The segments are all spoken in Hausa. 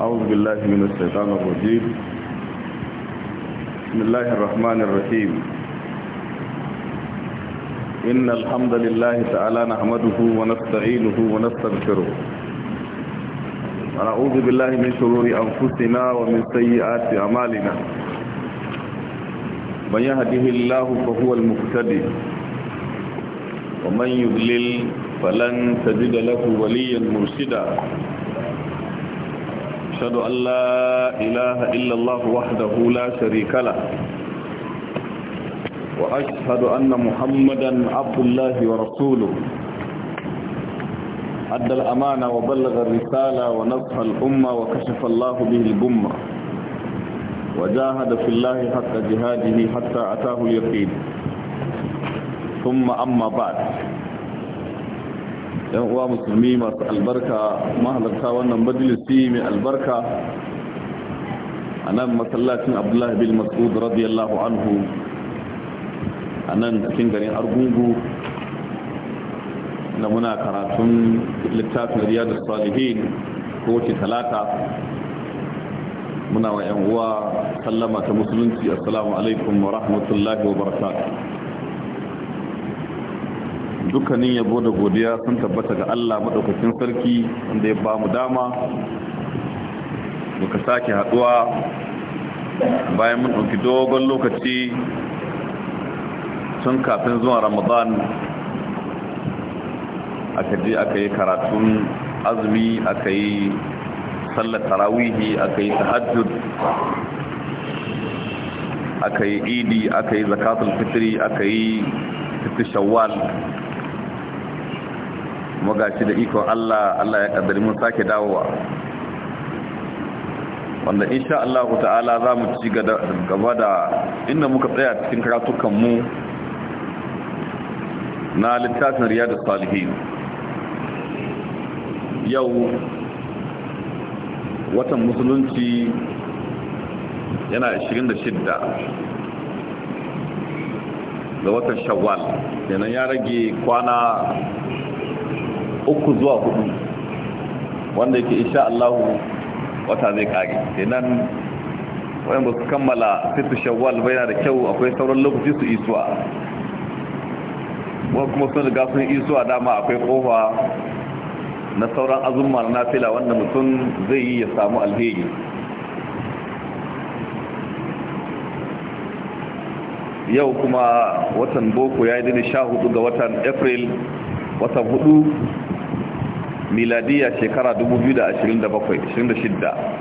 أعوذ بالله من الشيطان الرجيم بسم الله الرحمن الرحيم إن الحمد لله تعالى نحمده ونستعينه ونستغفره ونعوذ بالله من شرور أنفسنا ومن سيئات أعمالنا من يهده الله فهو المهتدي ومن يضلل فلن تجد له وليا مرشدا وأشهد أن لا إله إلا الله وحده لا شريك له وأشهد أن محمدا عبد الله ورسوله أدى الأمانة وبلغ الرسالة ونصح الأمة وكشف الله به البمة وجاهد في الله حتى جهاده حتى أتاه اليقين ثم أما بعد yan uwa musulmi masu albarka mahalarta wannan majalisi mai albarka a nan masallacin abdullahi bin masud radiyallahu anhu a nan cikin garin argungu da muna karatun littafin riyadu salihin ko wace talata muna wa yan uwa sallama ta musulunci assalamu alaikum wa rahmatullahi wa barakatuh dukkanin yabo da godiya sun tabbata ga Allah madaukakin sarki wanda ya bamu dama muka sake haduwa bayan mun ɗauki dogon lokaci tun kafin zuwa ramadan aka je aka yi karatun azumi aka yi sallar tarawihi aka yi tahajjud aka yi idi aka yi zakatul fitri aka yi fitri shawwal magaci da ikon Allah Allah ya kaddari mun sake dawowa wanda insha Allah ta'ala za mu ci gaba da inda muka tsaya cikin karatukanmu. mu na littafin riyadu salihin yau watan musulunci yana 26 ga watan shawwal yanan ya rage kwana uku zuwa hudu wanda yake isha Allah wata zai kage. kenan wayan ba su kammala fitu shawwal bai da kyau akwai sauran lokaci su isuwa wani kuma sun riga sun isuwa dama akwai kofa na sauran azumma na nafila wanda mutum zai yi ya samu alheri yau kuma watan boko ya yi dini sha hudu ga watan april watan hudu miladiya shekara 2027 26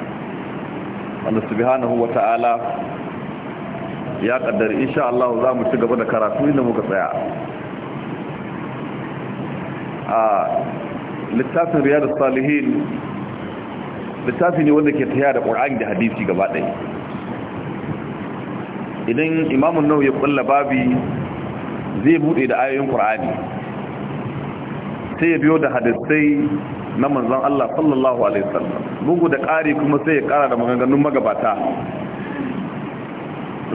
wanda subhanahu ta'ala ya kaddara insha Allah za mu ci gaba da karatu inda muka tsaya a littafin riyar salihin littafi ne wanda ke taya da ƙur'ani da hadisi gaba ɗaya idan imamun nau ya ƙulla babi zai buɗe da ayoyin ƙur'ani sai ya biyo da hadisai na manzon Allah sallallahu alaihi wasallam bugu da ƙari kuma sai ya ƙara da maganganun magabata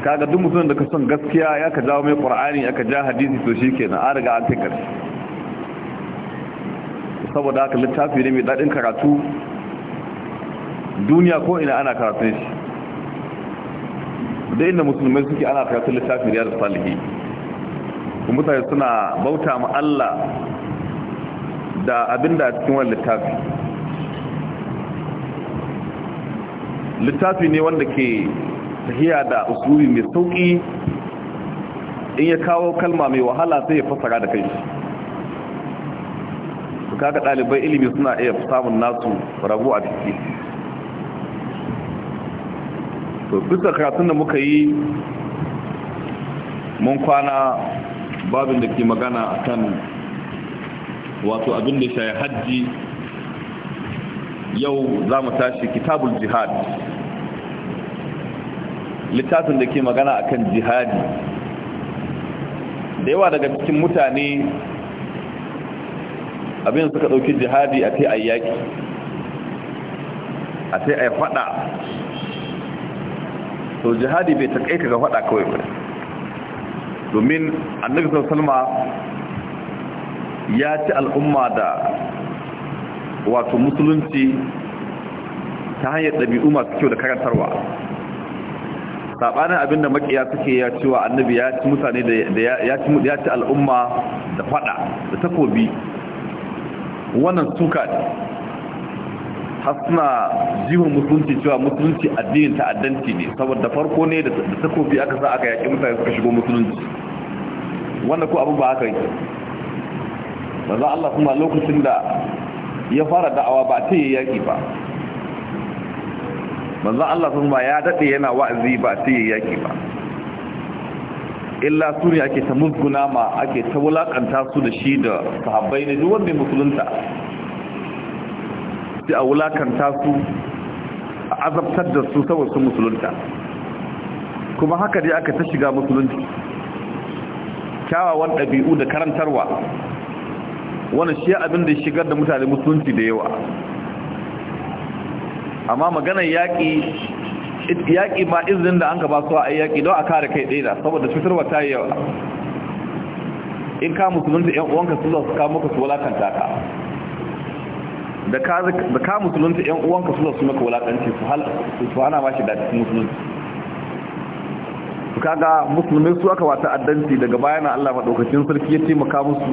kaga duk mutum da ka son gaskiya ya ka jawo mai qur'ani ya ka ja hadisi to shikenan an riga an tikar saboda haka littafi ne mai dadin karatu duniya ko ina ana karatun shi da inda musulmai suke ana karatun littafin da salihi mutane suna bauta ma Allah da abin da cikin wani littafi littafi ne wanda ke tahiya da usuli mai sauƙi in ya kawo kalma mai wahala sai ya fassara da kai su kaga ɗalibai ilimi suna iya samun nasu rabu a ciki to bisa karatun da muka yi mun kwana babin da ke magana akan wato abin da shayi hajji yau za mu tashi kitabul jihad littafin da ke magana akan jihadi da yawa daga cikin mutane abin suka ɗauki jihadi a tai ayyaki a tai ay fada to jihadi bai ka ga fada kawai ba domin annabi sallallahu alaihi wasallam ya ci al'umma da wato musulunci ta hanyar ɗabi'u masu kyau da karantarwa saɓanin abinda makiya suke ya cewa annabi ya ci mutane da ya ci al'umma da faɗa da takobi wannan suka har suna jihun musulunci cewa musulunci addinin ta'addanci ne saboda farko ne da takobi aka sa aka yaƙi mutane suka shigo musulunci wanda ko abu ba haka yi manzo Allah kuma lokacin da ya fara da'awa ba ce ya yaki ba manzo Allah kuma ya dade yana wa'azi ba ce ya yaki ba illa su ne ake ta musguna ma ake ta wulakanta su da shi da sahabbai ne duk wanda musulunta sai a wulakanta su a azabtar da su saboda su musulunta kuma haka dai aka ta shiga musulunci kyawawan ɗabi'u da karantarwa wannan shi abin da ya shigar da mutane musulunci da yawa amma maganar yaƙi yaƙi ba izinin da an ka ba su a yaƙi don a kare kai ɗaya da saboda fitarwa ta yi yawa in ka musulunta ‘yan uwanka su zuwa su kamo ka su walakanta ka da ka musulunta ‘yan uwanka su zuwa su maka walakanci su hana ma shi da cikin musulunci su kaga musulmai su aka wata addanci daga bayan Allah maɗaukacin sarki ya taimaka musu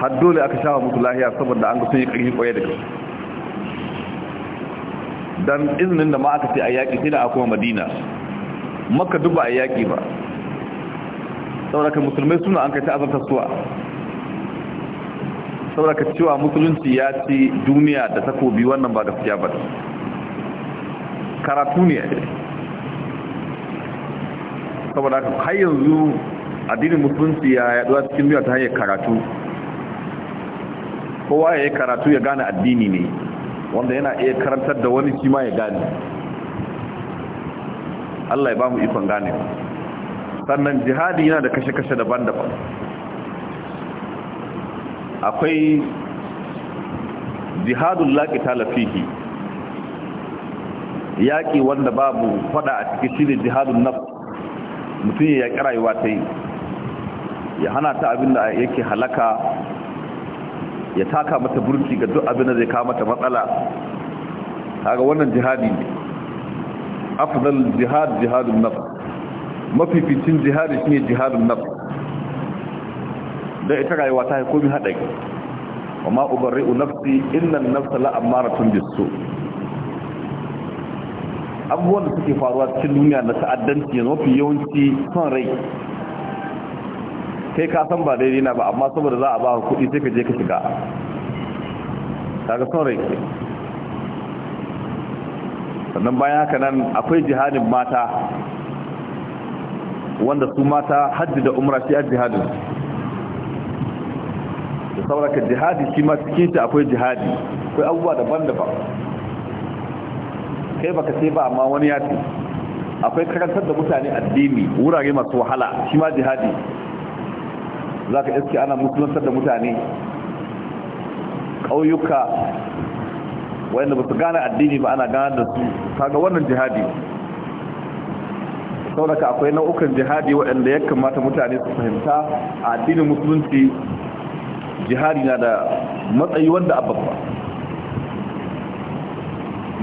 har dole aka sha musu lahiya saboda an ga sun yi ƙarfi ƙwaye da gaske dan izinin da ma aka ce a yaƙi sai da a kuma madina makka duk ba a yaƙi ba saboda musulmai suna an kai ta azanta suwa saboda ka cewa musulunci ya ci duniya da takobi wannan ba gaskiya ba karatu ne saboda har yanzu addinin musulunci ya yaduwa cikin duniya ta hanyar karatu kowa ya yi karatu ya gane addini ne wanda yana iya karantar da wani shi ya gane Allah ya ba mu ikon gane sannan jihadi yana da kashe-kashe daban-daban akwai jihadun laƙi talafihi yaƙi wanda babu faɗa a cikin shirin jihadun na mutum ya yaƙi rayuwa ta yi ya hana ta abinda da yake halaka ya taka mata burki ga duk abin da zai kawo mata matsala kaga wannan jihadi ne afdal jihad jihadun nafs mafificin jihadi shine jihadun nafs da ita rayuwa ta yi komai hadari amma ubarri'u nafsi inna an-nafsa la'amaratun bis-su abubuwan da suke faruwa cikin duniya na ta'addanci yanzu mafi yawanci son rai kai ka san ba daidai na ba amma saboda za a ba kuɗi sai ka je ka shiga daga son ke sannan bayan haka nan akwai jihadin mata wanda su mata hajji da umra shi a jihadin da sauraka jihadi shi ma cikin shi akwai jihadi akwai abubuwa daban-daban kai baka ce ba amma wani ya ce akwai karantar da mutane addini wurare masu wahala shi ma jihadi za ka iske ana musulantar da mutane ƙauyuka wanda ba su gane addini ba ana gane da su kaga wannan jihadi saboda akwai nau'ukan jihadi waɗanda ya kamata mutane su fahimta a addinin musulunci jihadi na da matsayi wanda ababba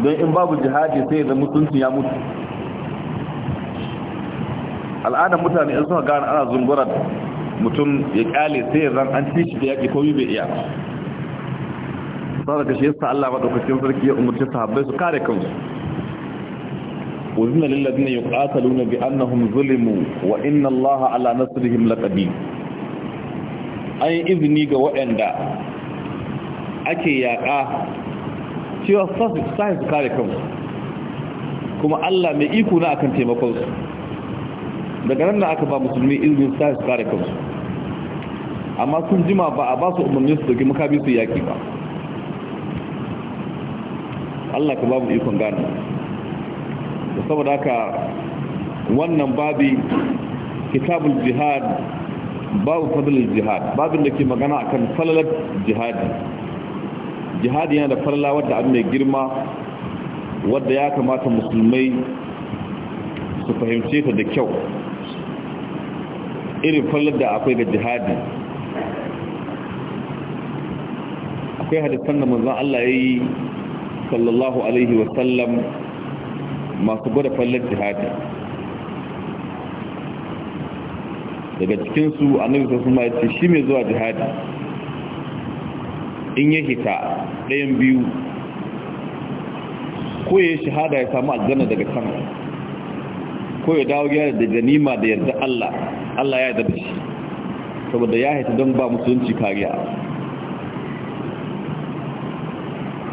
don in babu jihadi sai da musulunci ya mutu al'adar mutane in suka gane ana zungurar mutum ya kyale sai ya zan an ci shi da yaƙi ko yi bai iya Saboda shi yasa Allah madaukakin sarki ya umarci sahabbai su kare kansu uzina lil ladina yuqataluna bi annahum zulimu wa inna Allah ala nasrihim laqadir ai izini ga waɗanda ake yaƙa cewa sai su kare kansu kuma Allah mai iko na akan taimakon su daga nan da aka ba musulmi izinin sai su kare kansu amma sun jima ba a basu su umarni su doki makabi su yaki ba Allah ka babu ikon gane da saboda haka wannan babi kitabul jihad babu fadlul jihad babin da ke magana akan falalar jihadi jihadi yana da falala wadda abu mai girma wadda ya kamata musulmai su fahimce ta da kyau irin falalar da akwai ga jihadi akwai hadisan da manzan Allah ya yi sallallahu alaihi wa sallam masu gwada fallar jihadi daga cikinsu su annabi ma ya ce shi mai zuwa jihadi in ya hita ɗayan biyu ko ya shahada ya samu aljanna daga sama ko ya dawo gyara da ganima da yarda Allah Allah ya yarda da shi saboda ya hita don ba musulunci kariya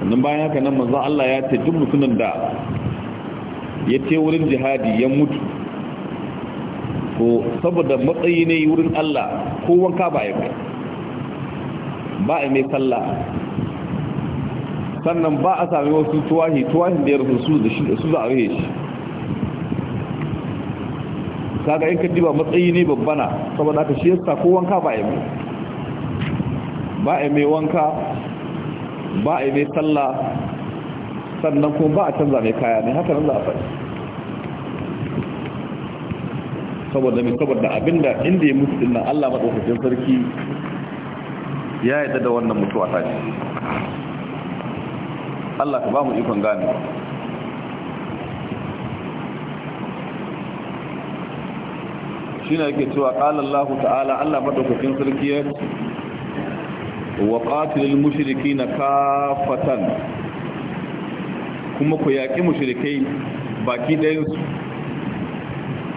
sannan bayan haka nan manzon Allah ya ce duk mutumin da ya ce wurin jihadi ya mutu ko saboda matsayi ne wurin Allah ko wanka ba ya kai ba a mai sallah sannan ba a sami wasu tuwahi tuwahin da ya rufe su da su za a rufe shi kaga in ka diba matsayi ne babbana saboda aka shi yasa ko wanka ba ya mai ba a mai wanka ba a yi mai sallah sannan kuma ba a canza mai kaya ne haka nan za a faɗi saboda mai saboda abinda inda ya mutu dinnan allah maɗaukacin sarki ya yi da wannan mutuwa ta ce allah ka ba mu ikon gane shi ne yake cewa ƙalallahu ta'ala allah maɗaukacin sarki ya wa qatilul mushrikeena kafatan kuma ku yaki mushrikai baki kama ɗayan su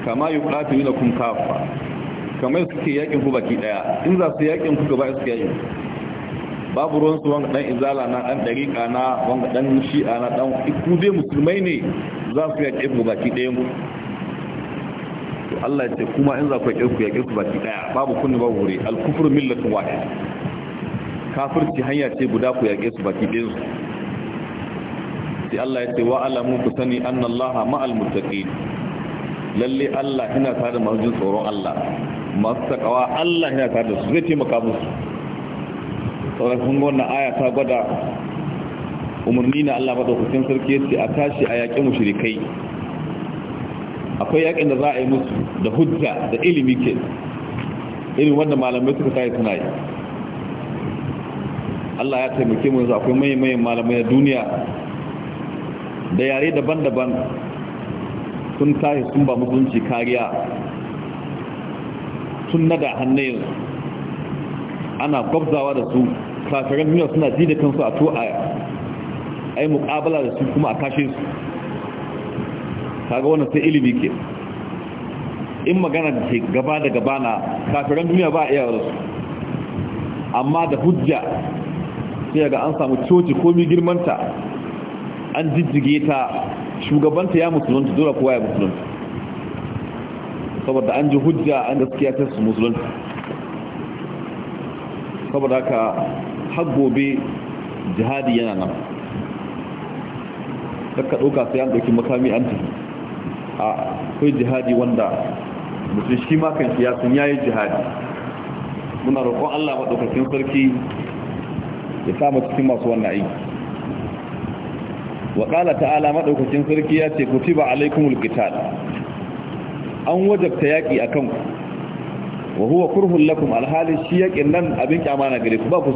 kama yuqatilunakum kafa kamar suke yakin ku baki ɗaya in za su yakin ku gaba su yakin babu ruwan su wanga ɗan izala na dan dariqa na wanga dan shi'a na dan ku musulmai ne za su yakin ku baki ɗayan ku to Allah ya ce kuma in za ku yakin ku yakin ku baki daya babu kunni babu wuri al-kufru millatun wahid kafirci hanya ce guda ku yaƙe su baki ɗin su sai Allah ya ce wa alamu ku sani anna Allah ma'al muttaqin lalle Allah yana tare da masu jin tsoron Allah masu takawa Allah yana tare da su zai taimaka musu sauran sun ga wannan aya ta gwada umarni na Allah madaukakin sarki yace a tashi a yaƙi mushrikai akwai yaƙin da za a yi musu da hujja da ilimi ke irin wanda malamai suka kai suna yi Allah ya taimake mu yanzu akwai mayan malamai na duniya da yare daban-daban sun tashi sun ba musulunci kariya sun nada hannayen ana gwabzawa da su kafirin duniya suna ji da kansu a to a ai mukabala da su kuma a kashe su kaga wannan sai ilimi ke in magana da ke gaba da gaba na kafirin duniya ba a iya su amma da hujja sai ga an samu coci komi girmanta an jijjige ta shugabanta ya musulunta dole kowa ya musulunta saboda an ji hujja an gaskiya ta su musulunta saboda haka har gobe jihadi yana nan ka ɗauka sai an ɗauki makami an tafi a kai jihadi wanda mutum shi ma kan ya sun yayi jihadi muna roƙon allah maɗaukakin sarki ya samu cikin masu wannan aiki wa qala ta'ala maɗaukacin sarki ya ce kutiba alaikumul qital an wajabta yaƙi a kanku. wa huwa kurhul lakum alhali shi yakin nan abin kyamana gare ku ba ku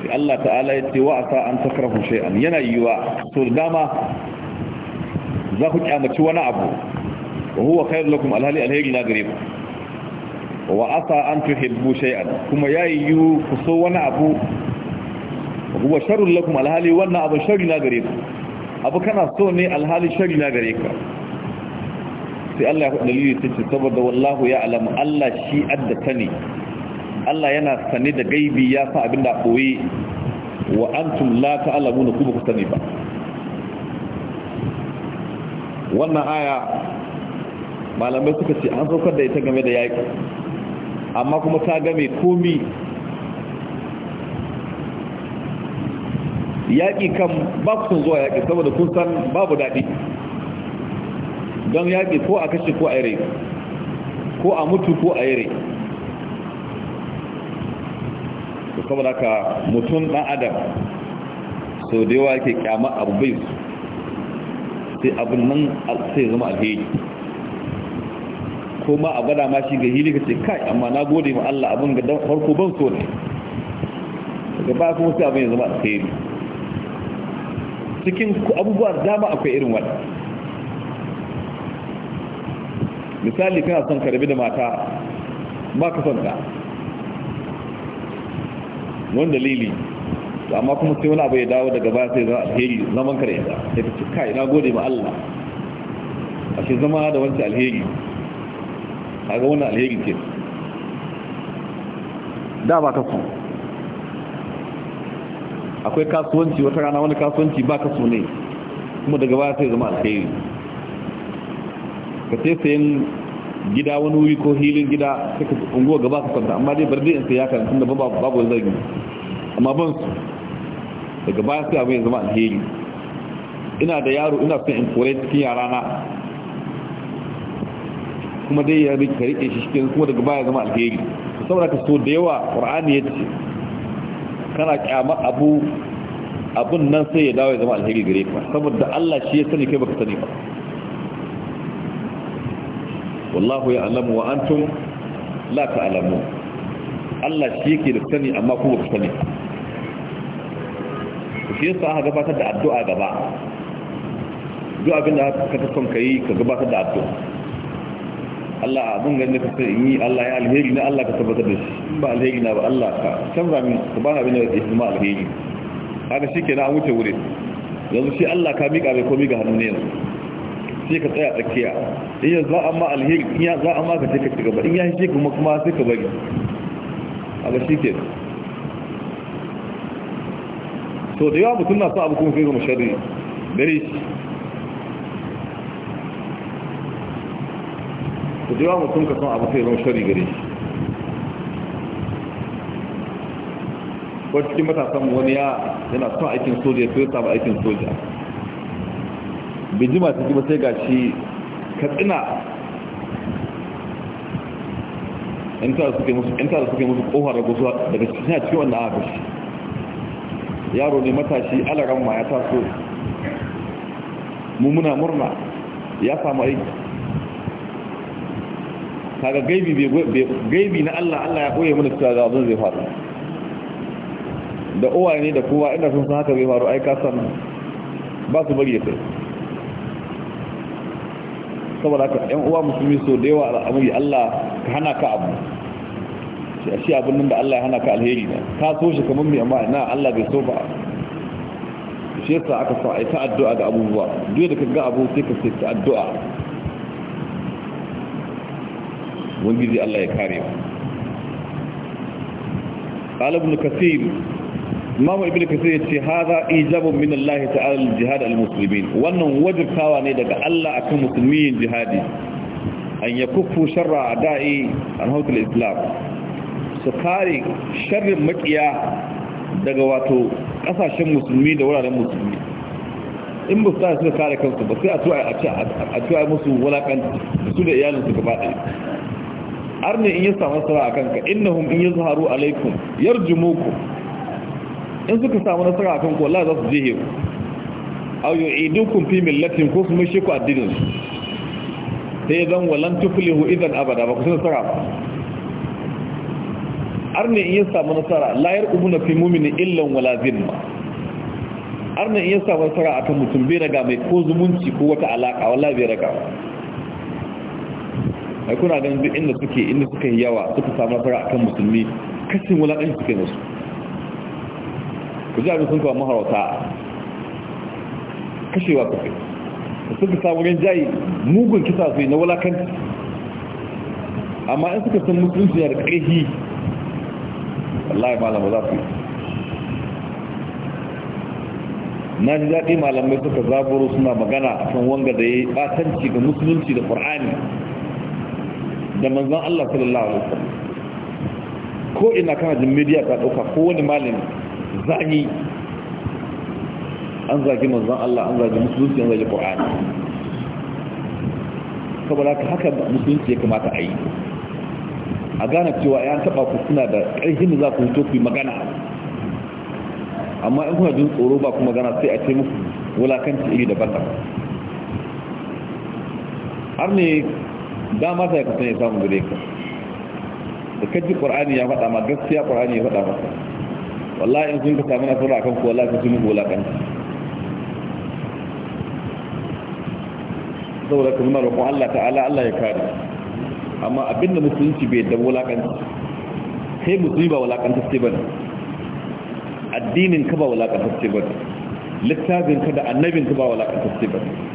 sai Allah ta'ala ya ce wa asa an takrahu shay'an yana yiwa to dama za ku kyamaci wani abu wa huwa khairul lakum alhali alheri na gare ku wa asa an tuhibbu shay'an kuma yayi yu ku so wani abu huwa sharrun lakum alhali wannan abu sharri na gare ku abu kana so ne alhali sharri na gare ka sai Allah ya faɗa dalili sai saboda wallahu alamu. Allah shi addata ne Allah yana sane da gaibi ya san abin da koyi wa antum la ta'lamuna kuma ku sani ba wannan aya malamai suka ce an saukar da ita game da yaƙi amma kuma ta game komi yaƙi kan ba ku sun zuwa yaƙi saboda kun san babu daɗi don yaƙi ko a kashe ko a yare ko a mutu ko a yare saboda ka mutum ɗan adam sau da yawa yake kyamar abu bai sai abin nan sai zama alheri ko ma a gwada ma shi ga hili ka ce kai amma na gode ma Allah abin ga dan farko ban so ne daga ba kuma sai abin ya zama alheri cikin abubuwa da dama akwai irin wani misali kana son ka rabi da mata ba ka son ka wani dalili amma kuma sai wani abu ya dawo daga baya sai zama alheri zaman kare ya ka ce kai na gode ma Allah a shi zama da wancan alheri kaga wannan alheri ke da ba ka akwai kasuwanci wata rana wani kasuwanci ba ka ne kuma daga baya sai zama alheri ka sai sayan gida wani wuri ko hilin gida suka unguwa gaba ka kwanta amma dai barbe in sai ya kan da babu babu zargi amma ban su daga baya sai abin zama alheri ina da yaro ina son in kore cikin yara na kuma dai ya rike rike shi cikin kuma daga baya zama alheri saboda ka so da yawa qur'ani ya ce kana kyama abu abun nan sai ya dawo ya zama alheri gare ka saboda Allah shi ya sani kai baka sani ba wallahu ya'lamu wa antum la ta'lamu Allah shi yake da sani amma ku baka sani shi yasa ka gabatar da addu'a gaba duk abin da ka ta son kai ka gabatar da addu'a Allah abin ganin da kasar yi Allah ya alheri na Allah ka tabbatar da shi ba alheri na ba Allah ka canza min ka ba abin da ya fi ma alheri haka shi kenan an wuce wuri yanzu shi Allah ka miƙa mai komi ga hannu ne yanzu sai ka tsaya tsakiya in yanzu za a ma alheri in ya za a ma ka ka ci in ya shi kuma kuma sai ka bari haka shi kenan so da yawa mutum na sa abu kuma sai ga mashari gare shi ku jewa mutum ka son abu sai zama shari gare shi ko cikin matasan wani ya yana son aikin soja sai ya samu aikin soja bijima ta jima sai ga shi katsina yan tara suke musu kofar da gusuwa daga cikin a cikin wannan aka shi yaro ne matashi alaran ma ya taso mummuna murna ya samu aiki kaga gaibi gaibi na Allah Allah ya koye mana cewa abin zai faru da uwaye ne da kowa inda sun san haka zai faru ai ka san ba su bari ya kai saboda haka ɗan uwa musulmi so da yawa al'amari Allah ka hana ka abu shi abin nan da Allah ya hana ka alheri ne ka so shi kamar mai amma ina Allah bai so ba shi yasa aka sa ai ta addu'a ga abubuwa duk da kaga abu sai ka sai ta addu'a ubangiji Allah ya kare mu qala ibn kathir imam ibn kathir yace hadha ijabun min Allah ta'ala al-jihad al-muslimin wannan wajibtawa ne daga Allah akan musulmin jihadi an yakuffu sharra ada'i an hawtul islam su kare sharrin makiya daga wato kasashen musulmi da wuraren musulmi in ba su ta suka kare kansu ba sai a tuwa a musu wulaƙanta su da iyalinsu gaba ɗaya arne in ya samu nasara a kanka innahum in yazharu alaikum jimoku in suka samu nasara a kanku wallahi za su jihe ku yi yu'idukum fi millatin ko su mishi ku addinin sai zan walan tuflihu idan abada ba ku san nasara ba arne in ya samu nasara ubu na fi mumini illan wala har arne in ya samu nasara akan mutum bai raga mai ko zumunci ko wata alaka wala bai raga ba ai kuna ganin duk inda suke inda suka yi yawa suka samu fara akan musulmi kashin wulaƙanci suke nasu ku ji abin sun kuma maharauta kashewa kafin da suka samu rin jayi mugun kisa su na wulaƙanci amma in suka san musulunci na da ƙarfi wallahi malama za su yi na ji daɗi malamai suka zaburo suna magana a kan wanga da ya yi ɓatanci ga musulunci da ƙur'ani da manzan Allah sallallahu alaihi wasallam ko ina kana jin media ta dauka ko wani malami zagi an zagi manzan Allah an zagi musulunci an zagi Qur'ani saboda haka musulunci ya kamata a yi a gane cewa ya taba ku suna da ƙarfin da za ku fito ku yi magana amma in kuna jin tsoro ba ku magana sai a ce muku wulakanci iri daban-daban har ne dama sai ka sanya samun gare ka da kaji qur'ani ya faɗa ma gaskiya qur'ani ya faɗa maka wallahi in sun ka samu nasara akan ku wallahi ka ci muku wulakanci saboda ka nuna roƙon Allah ta'ala Allah ya kare amma abinda musulunci bai da wulakanci kai musulmi ba wulakantacce bane addinin ka ba ba ne. littafin ka da annabin ka ba ba ne.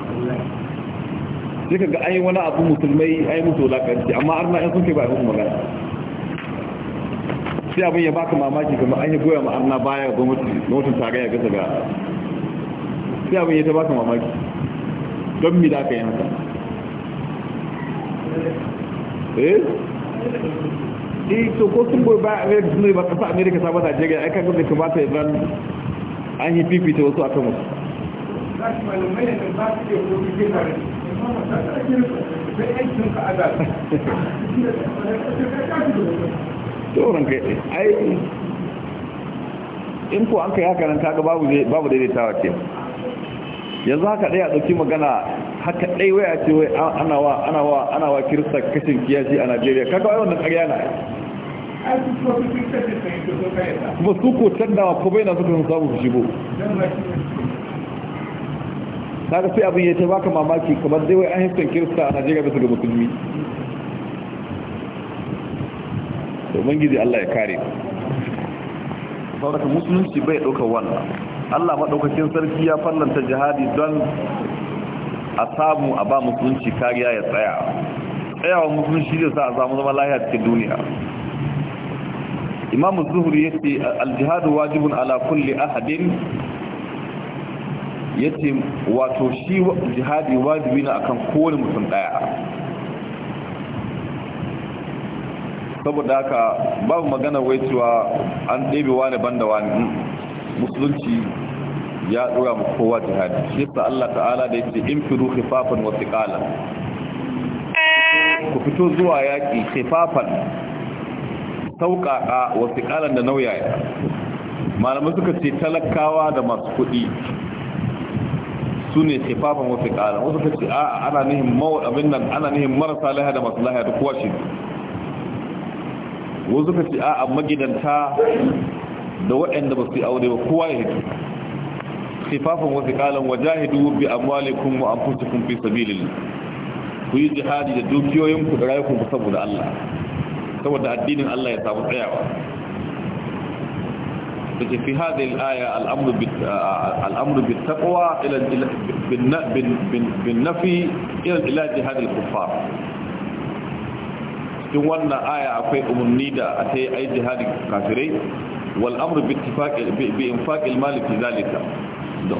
sai kaga ai wani abu musulmai ai musu wulakanci amma arna yan sun kai ba abin magana sai abin ya baka mamaki kamar an yi goya ma arna baya ga gwamnatin tarayya gasa ga sai abin ya ta baka mamaki don mi da aka yi haka eh eh to ko sun goyi ba amerika eh, sun yi ba kasa amerika ta bata jirgin ai kan gwamnati kamata ta zan an yi fifita wasu akan wasu tsoron kai ai in ko an kai haka nan kaga babu daidaitawa ce yanzu haka ɗaya ɗauki magana haka ɗai waya ce wai ana wa ana wa ana wa kirista kashin kiyashi a najeriya kaga wai wannan ƙarya na ba su ko candawa ko bai na suka samu su shigo kaga sai abin ya ta baka mamaki kamar zai wai an kirista a Najeriya bisa ga musulmi Domin gizi Allah ya kare saboda musulunci bai ɗaukar wannan Allah maɗaukakin sarki ya fallanta jihadi don a samu a ba musulunci kariya ya tsaya tsayawa musulunci zai sa a samu zama lahiya cikin duniya imam zuhuri ya ce aljihadu wajibun ala kulli ahadin yace wato shi jihadi wajibi na akan kowane mutum daya saboda haka babu magana wai cewa an ɗebe wani banda wani musulunci ya dora mu kowa jihadi shi sa Allah ta'ala da yace infiru khifafan wa thiqala ku fito zuwa yaki khifafan sauƙaƙa wa thiqalan da nauyaya malamai suka ce talakawa da masu kuɗi su ne sifafan wasu ƙara wasu ka ce a ana nihin mawar abin nan ana nihin marasa laha da masu laha da kuwa shi wasu ka ce a a magidanta da waɗanda ba su yi aure ba kowa ya hito sifafan wasu ƙalan wa jahidu bi amwalikum wa anfusikum fi sabilin ku yi jihadi da dukiyoyinku da rayukunku saboda Allah saboda addinin Allah ya samu tsayawa يثبت في هذه الآية الأمر آه، الأمر بالتقوى إلى بالنفي إلى علاج هذه الكفار. ثم آية في أم النيدة أتي أي جهاد كافري والأمر باتفاق بإنفاق المال في ذلك.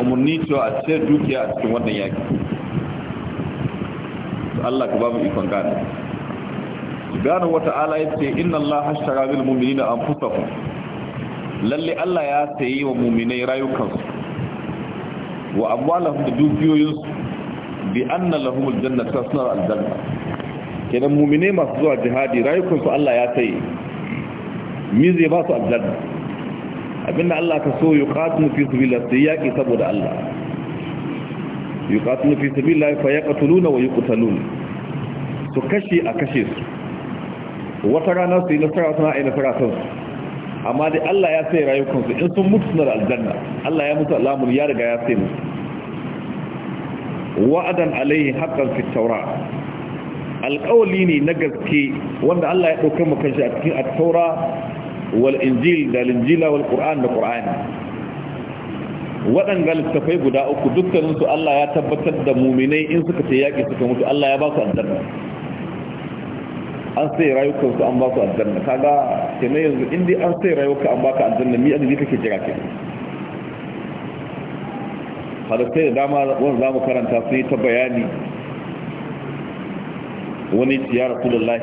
أم النيدة أتي دوكيا ثم يأك. الله كباب يكون كان. سبحانه وتعالى يقول إن الله اشترى بالمؤمنين أنفسهم lalle Allah ya sayi wa muminai rayukansu wa amwalahum da dukiyoyinsu bi anna lahum aljanna tasnar aljanna kenan muminai masu zuwa jihadi rayukansu Allah ya sayi mi zai ba su aljanna abinda Allah ka so yuqatilu fi sabilillah sai yaki saboda Allah yuqatilu fi sabilillah fa yaqtuluna wa yi yuqtalun su kashe a kashe su wata rana su yi nasara suna a yi nasara kansu amma dai Allah ya sai rayukansu in sun mutu suna da aljanna Allah ya mutu alamun ya riga ya sai musu wa'adan alaihi haqqan fi tawra alqawli ne na gaske wanda Allah ya dauka maka shi a cikin at-taura wal injil da linjila wal qur'an da qur'ani waɗanga littafai guda uku dukkaninsu Allah ya tabbatar da muminai in suka ta yaƙi suka mutu Allah ya ba su aljanna an sai rayukan su an ba su aljanna kaga kenan yanzu in dai an sai rayuka an baka aljanna mi azumi kake jira ke sai da dama wannan zamu karanta su yi ta bayani wani ya rasulullahi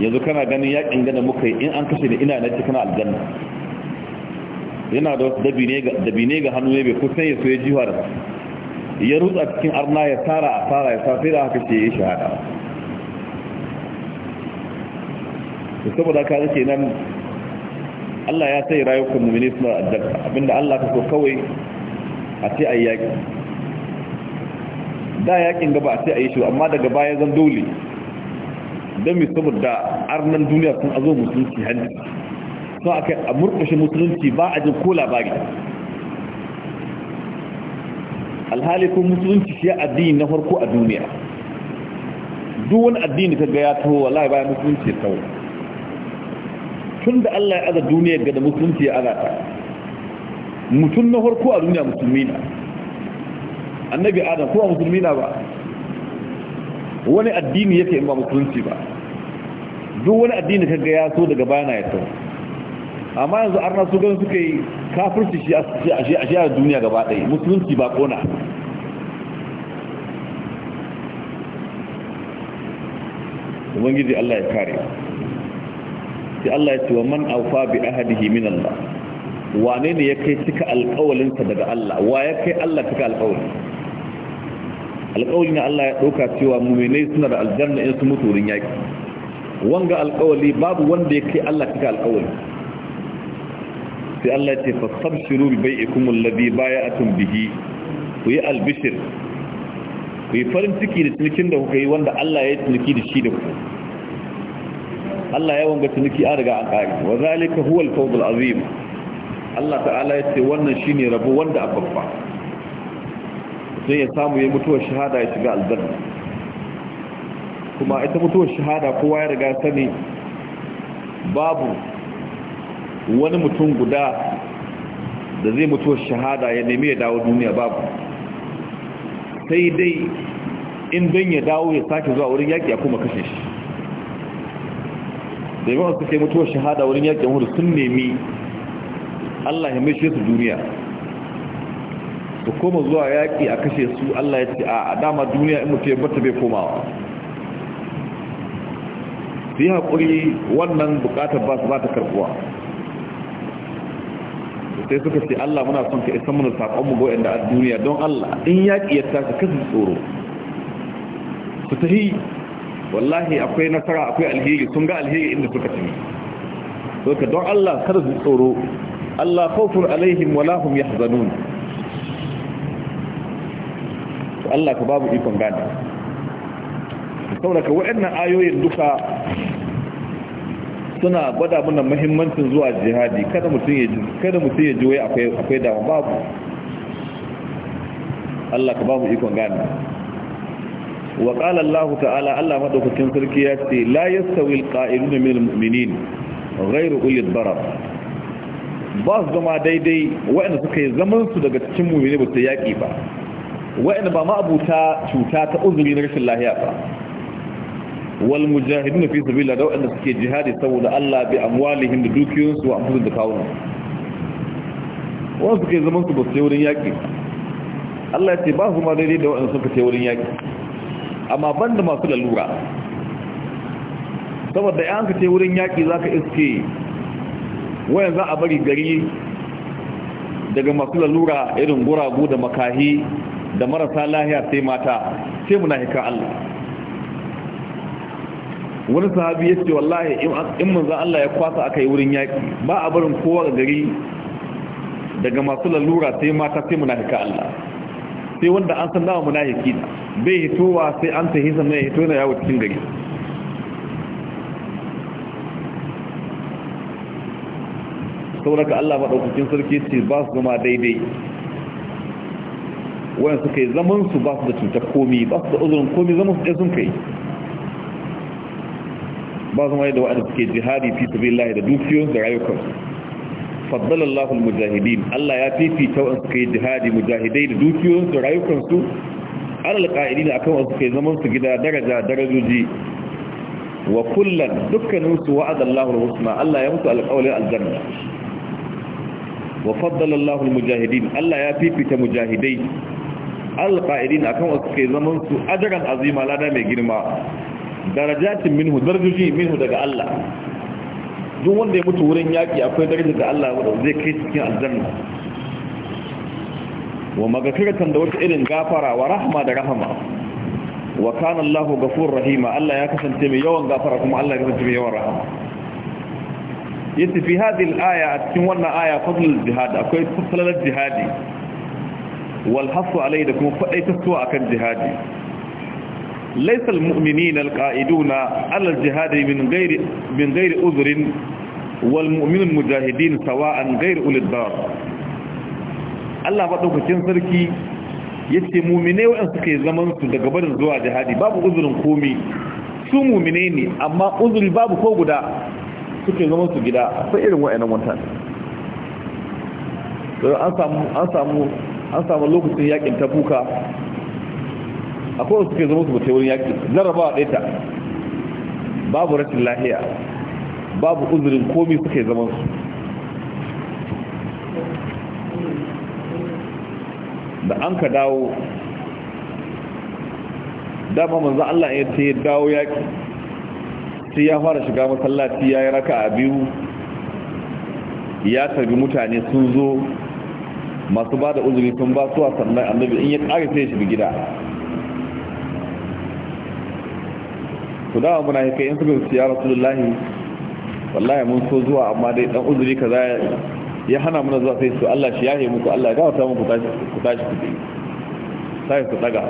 yanzu kana ganin yakin gana muka yi in an kashe da ina na cikin aljanna yana da wasu dabine ga hannu ne bai kusan ya so ya jiwa da ya rutsa cikin arna ya tara a tara ya sa sai da haka ce ya yi shahada to saboda ka zace nan Allah ya sai rayukan mu'mini suna addabta abinda Allah ka so kawai a ce a yaƙi da yaƙin gaba a ce a yi shi amma daga baya zan dole dan mai saboda arnan duniya sun azo musulunci hannu sun aka a murkushe musulunci ba a jin ko labari alhali ko musulunci shi addini na farko a duniya duk wani addini ta ga ya taho wallahi bayan musulunci ya taho tun da Allah ya aza duniyar ga da musulunci ya azata, mutum na harko a duniya musulmi na annabi adam kuma musulmi na ba wani addini yake in ba musulunci ba duk wani addini kaga ya so daga bana ya sau amma yanzu arna su gan suka yi kafirci shi a shi a duniya gaba ɗaya musulunci ba kona ubangiji Allah ya kare sai Allah ya ce wa man awfa bi ahadihi min Allah wane ne ya kai cika alƙawalin sa daga Allah wa ya kai Allah cika alƙawali alƙawali na Allah ya ɗauka cewa muminai suna da aljanna in su mutu wurin yaƙi wanga alƙawali babu wanda ya kai Allah cika alƙawali sai Allah ya ce fa fastabshiru bi bai'ikum alladhi bay'atum bihi ku yi albishir ku yi farin ciki da cinikin da kuka yi wanda Allah ya yi ciniki da shi da ku Allah ya wanga ciniki a riga an kare wa zalika huwal fawzul azim Allah ta'ala ya ce wannan shine rabo wanda a babba. sai ya samu ya mutuwa shahada ya shiga aljanna kuma ita mutuwar shahada kowa ya riga sani babu wani mutum guda da zai mutuwar shahada ya nemi ya dawo duniya babu sai dai in don ya dawo ya sake zuwa wurin yaki a kuma kashe shi da yawan suka yi mutuwar shahada wurin yakin hudu sun nemi Allah ya mai su duniya su koma zuwa yaƙi a kashe su Allah ya ce a dama duniya in mutu ya bata bai komawa su yi haƙuri wannan buƙatar ba su ba ta karɓuwa sai suka ce Allah muna son ka isa muna saƙonmu ga wa'anda a duniya don Allah in yaƙi ya tashi kasu tsoro su ta wallahi akwai nasara akwai alheri sun ga alheri inda suka tafi ka don Allah kar su tsoro Allah khawfun alaihim wala hum yahzanun to Allah ka babu ikon gani saboda waɗannan ayoyin duka suna gwada mana muhimmancin zuwa jihadi kada mutum ya ji kada mutum ya ji wai akwai akwai da babu Allah ka babu ikon gani wa qala ta'ala Allah madaukakin sarki ya ce la yastawi alqa'iluna min almu'minin ghayru ulil darar ba su zama daidai waɗanda suka yi zaman su daga cikin mu'mini ba su yaƙi ba waɗanda ba ma abuta cuta ta uzuri na rashin lahiya ba wal mujahidin fi sabilillah da waɗanda suke jihadi saboda Allah bi amwalihim da dukiyoyinsu wa amfani da kawunan waɗanda suke zaman su ba su yi wurin yaƙi Allah ya ce ba su ma daidai da waɗanda suka yi wurin yaƙi amma ban da masu lalura saboda ya ka ce wurin yaƙi za ka iske wayan za a bari gari daga masu lalura irin guragu da makahi da marasa lahiya sai mata sai muna hika Allah wani sahabi ya ce wallahi in manzan Allah ya kwasa aka yi wurin yaƙi ba a barin kowa gari daga masu lalura sai mata sai muna hika Allah sai wanda an san nawa munafiki bai hitowa sai an sai hisan ya hito na yawo cikin gari ka Allah maɗaukakin sarki ce ba su zama daidai wayan suka yi zaman su ba su da cutar komi ba su da uzurin komi zaman su ɗaya sun kai ba zama yadda waɗanda suke jihadi fi sabi da dukiyoyin da rayukansu faddala Allahul mujahidin Allah ya fifita wa suka yi jihadi mujahidai da dukiyoyinsu rayukansu alal qa'idin akan wa suka yi zaman su gida daraja darajoji wa kullan dukkanin su wa'ada Allahul Allah ya mutu alqawlin aljanna wa faddala Allahul mujahidin Allah ya fifita mujahidai alqa'idin akan wa suka yi zaman su ajran azima lada mai girma darajatin minhu darajoji minhu daga Allah duk wanda ya mutu wurin yaƙi akwai darajar da Allah zai kai cikin aljanna wa magafiratan da wata irin gafara wa rahma da rahama wa kana Allah gafur rahima Allah ya kasance mai yawan gafara kuma Allah ya kasance mai yawan rahama yace fi hadhihi al-aya a cikin wannan aya fadlul jihad akwai fadlul jihadi wal hasu alai da kuma fadaitattuwa akan jihadi ليس المؤمنين القائدون على الجهاد من غير من غير عذر والمؤمن المجاهدين سواء غير اولي الضرر Allah madaukakin sarki yace mu'mine wa'an suke zaman su daga barin zuwa jihadi babu uzurin komi su mu'mine ne amma uzuri babu ko guda suke zaman su gida akwai irin wa'annan wanta an samu an samu an samu lokacin yakin tabuka akwai wasu suke zama su bace wurin yaƙi zarrabawa ɗaya ta babu rashin lahiya babu uzurin komi suke zaman su da an ka dawo dama manzan Allah ya ce dawo yaƙi sai ya fara shiga masallaci ya yi raka a biyu ya tarbi mutane sun zo masu ba da uzuri sun ba suwa sannan annabi in ya ƙari sai ya shiga gida to da muna yi kai in su su ya rasulullahi wallahi mun so zuwa amma dai dan uzuri kaza ya hana muna zuwa sai su Allah shi yahe muku Allah ya gawata muku tashi ku tashi ku sai su daga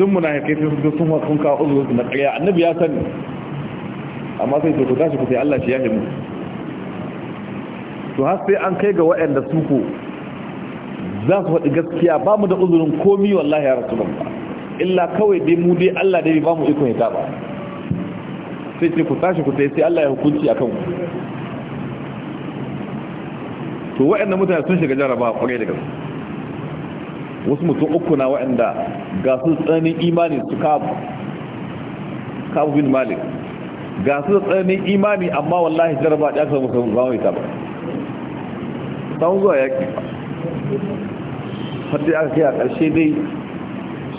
duk muna yi kai sun sun sun kawo uzuri na ƙarya annabi ya sani amma sai su ku tashi ku sai Allah shi yahe muku to har sai an kai ga waɗanda su ku za su faɗi gaskiya ba mu da uzurin komi wallahi ya rasulullah illa kawai dai mu dai Allah dai ba mu ikon ya ba sai ce ku tashi ku sai sai Allah ya hukunci akan ku to waɗanda mutane sun shiga jaraba kwarai da gaske wasu mutum uku na waɗanda ga su tsanin imani su kabu kabu bin malik ga su tsanin imani amma wallahi jaraba ɗaya ba musamman zama ba ta samun zuwa yaƙi hatta aka kai a ƙarshe dai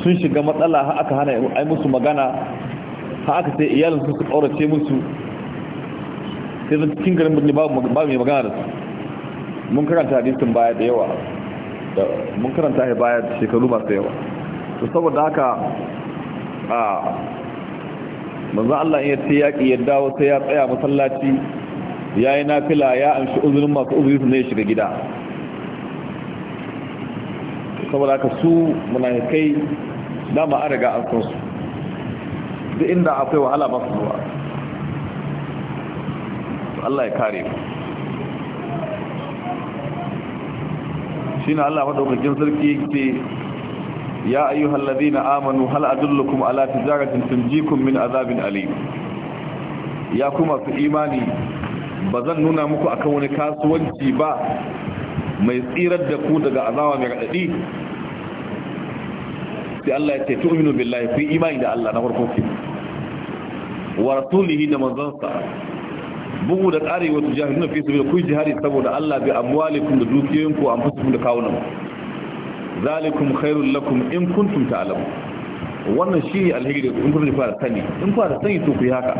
sun shiga matsala ha aka hana ai musu magana ha aka sai iyalin su ƙaurace musu sai zan cikin garin birni babu mai magana da su mun karanta hadisin baya da yawa mun karanta shi baya da shekaru masu yawa to saboda haka a manzo Allah ya ce yaki ya dawo sai ya tsaya masallaci yayi nafila ya amshi uzurin masu uzuri su ne shiga gida saboda ka su munafikai dama an riga an san su duk inda akwai wahala ba su zuwa Allah ya kare Shi na Allah madaukakin sarki yake ya ayyuhal ladina amanu hal adullukum ala tijaratin tunjikum min azabin Ali. ya kuma su imani ba zan nuna muku akan wani kasuwanci ba mai tsirar da ku daga azama mai raɗaɗi sai Allah ya ce tu'minu billahi fi imani da Allah na farko ke wa rasulihi da manzansa bugu da ƙari wata jahilun fi sabila ku jihari saboda Allah bi amwalikum da dukiyoyinku an fusukum da kawunan zalikum khairul lakum in kuntum ta'lamu wannan shine alheri da kun fara sani in fara sani to ku yi haka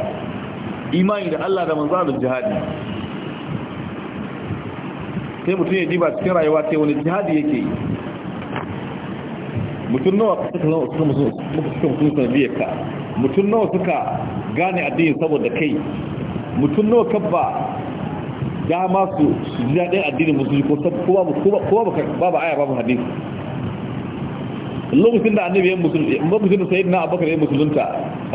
imani da Allah da manzansa da jihadi sai mutum ya jiba cikin rayuwa sai wani jihadi yake yi mutum nawa suka nawa suka musu suka musu sanadiyar ka mutum nawa suka gane addini saboda kai mutum nawa kabba dama su ji daɗin addinin musulmi ko kowa ba ba aya babu hadisi lokacin da annabi yan musulunta lokacin da sayyid na abubakar yan musulunta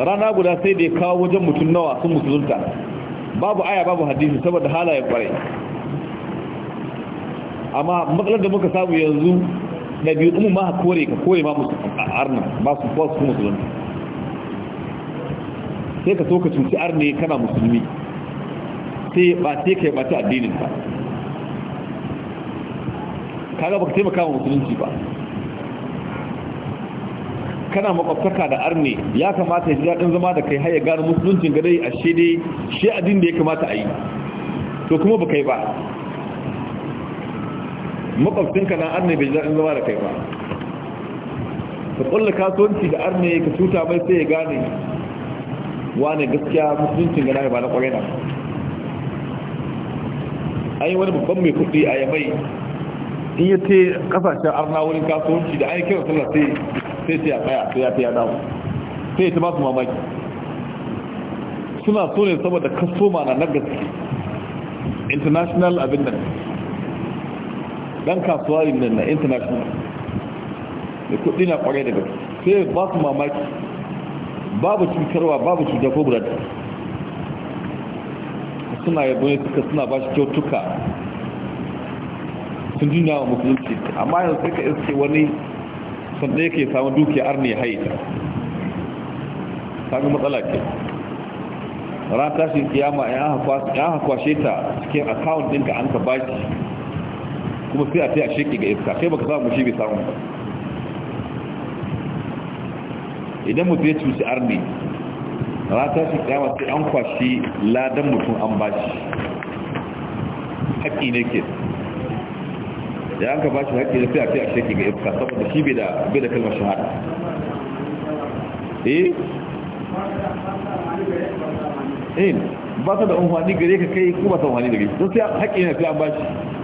rana guda sai da ya kawo wajen mutum nawa sun musulunta babu aya babu hadisi saboda halayen kwarai amma matsalar da muka samu yanzu da biyu umu ma kore ka kore ma musu arna ba su ba su musulunci sai ka so ka cuci arne kana musulmi sai ba sai ka yi yabata addinin ka kaga baka taimaka wa musulunci ba kana makwabtaka da arne ya kamata ya ji daɗin zama da kai har ya gano musuluncin gadai a ashe dai shi addin da ya kamata a yi to kuma ba kai ba makwabcinka na arne bai zaɗin zama da kai ba ka ƙulla kasuwanci da arne ka cuta mai sai ya gane wane gaskiya musuluncin gana ba na ƙwarai na an yi wani babban mai kuɗi a yamai in yi ta ƙasashen arna wurin kasuwanci da an yi kira sallar sai sai ta ya tsaya sai ya ta ya dawo sai ya ta ba su mamaki suna so ne saboda kasoma na na gaske international abin nan dan kasuwa ne na international da kudi na kware daga sai ba su mamaki babu cutarwa babu cuta ko guda suna yabo ne suka suna ba shi kyautuka sun juna wa musulunci amma yanzu ka iske wani sanda yake samu dukiya arni haita sami matsala ke ran tashin kiyama ya hakwashe ta cikin akawun ɗinka an ka bashi kuma sai a ce a sheke ga iska kai baka samu shi bai samu ba idan mutum ya cuci arni rata shi kyawa sai an kwashi ladan mutum an bashi haƙi ne ke da an ka bashi haƙi ne sai a ce a sheke ga iska saboda shi bai da kalmar shahada eh? eh ba ta da unhwani gare ka kai ko ba ta unhwani gare don sai haƙi ne sai an bashi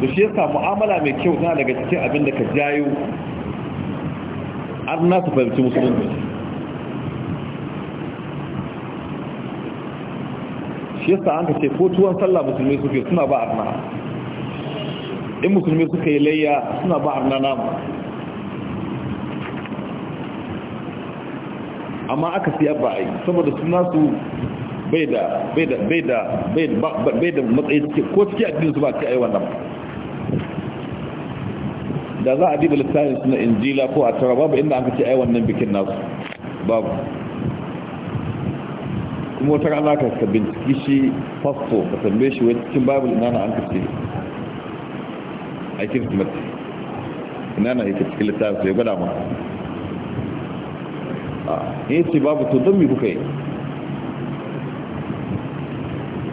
da shi yasa mu'amala mai kyau tana daga cikin abin da ka jayo an na su fahimci musulunci shi yasa an ka ce ko tuwon sallah musulmi suke suna ba arna in musulmi suka yi layya suna ba arna namu amma aka siya ba a yi saboda suna su bai da matsayi ko ciki addinin su ba ce a yi wannan ba da za a diba littafin suna injila ko a tara babu inda aka ce ai wannan bikin nasu babu kuma wata rana ka ka binciki shi fasto ka tambaye shi wani cikin babu ina na an ka ce a kirsimati ina na yake cikin littafin sai gwada ma in ce babu to don mi kuka yi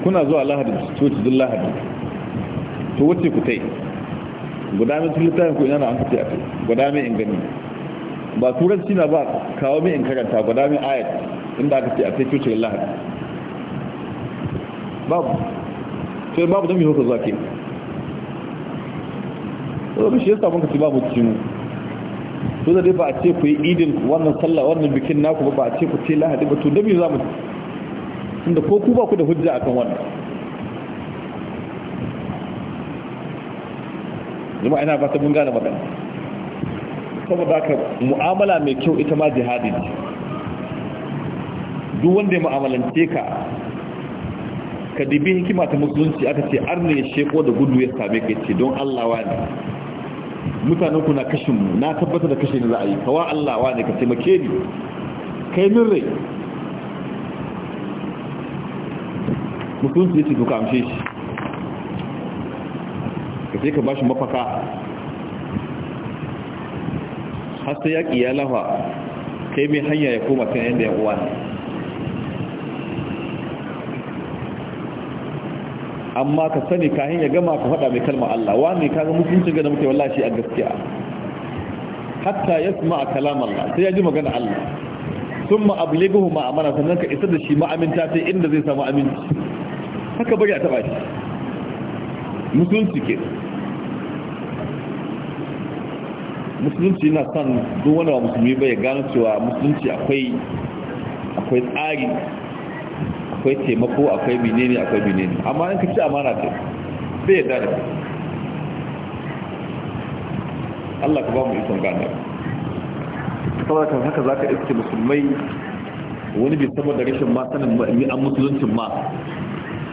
kuna zuwa lahadi coci don lahadi to wace ku ta yi guda mai littafin ku ina na an kace a kai guda mai in gani ba turanci na ba kawo mai in karanta guda mai ayat inda aka ce a kai cuce lahar babu sai babu don mai hoto zaki ke saboda shi yasa muka ci babu cikin to da dai ba a ce ku yi idin wannan sallah wannan bikin naku ba ba a ce ku ce lahadi ba to da za mu tunda ko ku ba ku da hujja akan wannan jama'a ina ta mun gane magana ba ka mu'amala mai kyau ita ma jihadi ne duk wanda ya mu'amalance ka ka dibi hikima ta musulunci aka ce arne ya sheko da gudu ya same ka ce don Allah wa ne mutanen ku na kashin mu na tabbata da kashe ni za a yi kawa Allah wa ne ka make ni kai min rai musulunci ya ce to ka amshe shi ka sai ka ba shi mafaka har sai yaƙi ya lafa kai mai hanya ya koma kan yadda ya uwa ne amma ka sani kayan ya gama ka faɗa mai kalmar Allah wani kaga mutuncin gada da muke shi a gaskiya hatta ya suma a kalamar Allah sai ya ji magana Allah sun ma'abligahu ma'amana sannan ka isar da shi ma'aminta ta inda zai samu aminci haka bari a taɓa shi mutunci ke musulunci na son duk wani wa musulmi ba ya gano cewa musulunci akwai akwai tsari akwai taimako akwai menene akwai menene amma in ka ci amana ta sai ya da Allah ka ba mu ikon gane saboda kan haka zaka iske musulmai wani bi saboda rashin ma sanin an musuluncin ma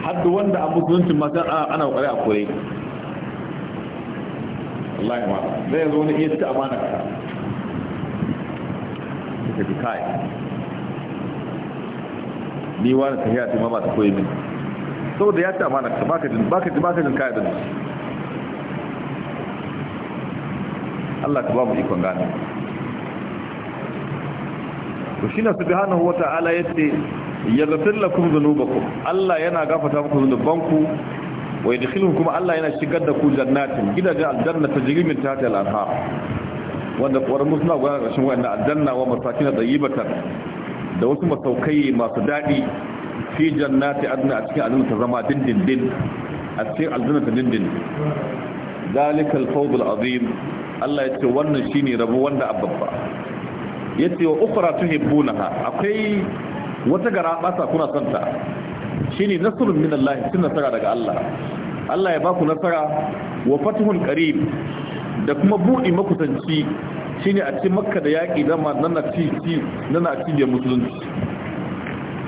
har da wanda an musuluncin ma ana kware a kore wallahi ma zai zo ne iya ci amana ka ka ji kai ni wani tafiya ta ma ta koyi min saboda ya ci amana ka baka jin baka jin baka jin kai da Allah ta ba mu ikon gane to shi na subhanahu wata'ala yace yaghfir lakum dhunubakum Allah yana gafarta muku dhunubanku wai da filin kuma Allah yana shigar da ku jannatin gidajen aljanna ta jirimin ta ta lanha wanda kwarar musu na gwanar ƙarshen na aljanna wa masaki na tsayibatar da wasu masaukai masu daɗi fi jannati adna a cikin aljanna ta zama dindindin a cikin aljanna ta dindin zalikal fawdul azim Allah ya ce wannan shine rabo wanda ababba Ya ce wa ukhra tuhibbunaha akwai wata gara basa kuna santa ne nasarun min Allah tun nasara daga Allah Allah ya baku nasara wa fatihun qarib da kuma buɗi makusanci shine a cikin Makka da yaƙi zama nan na a musulunci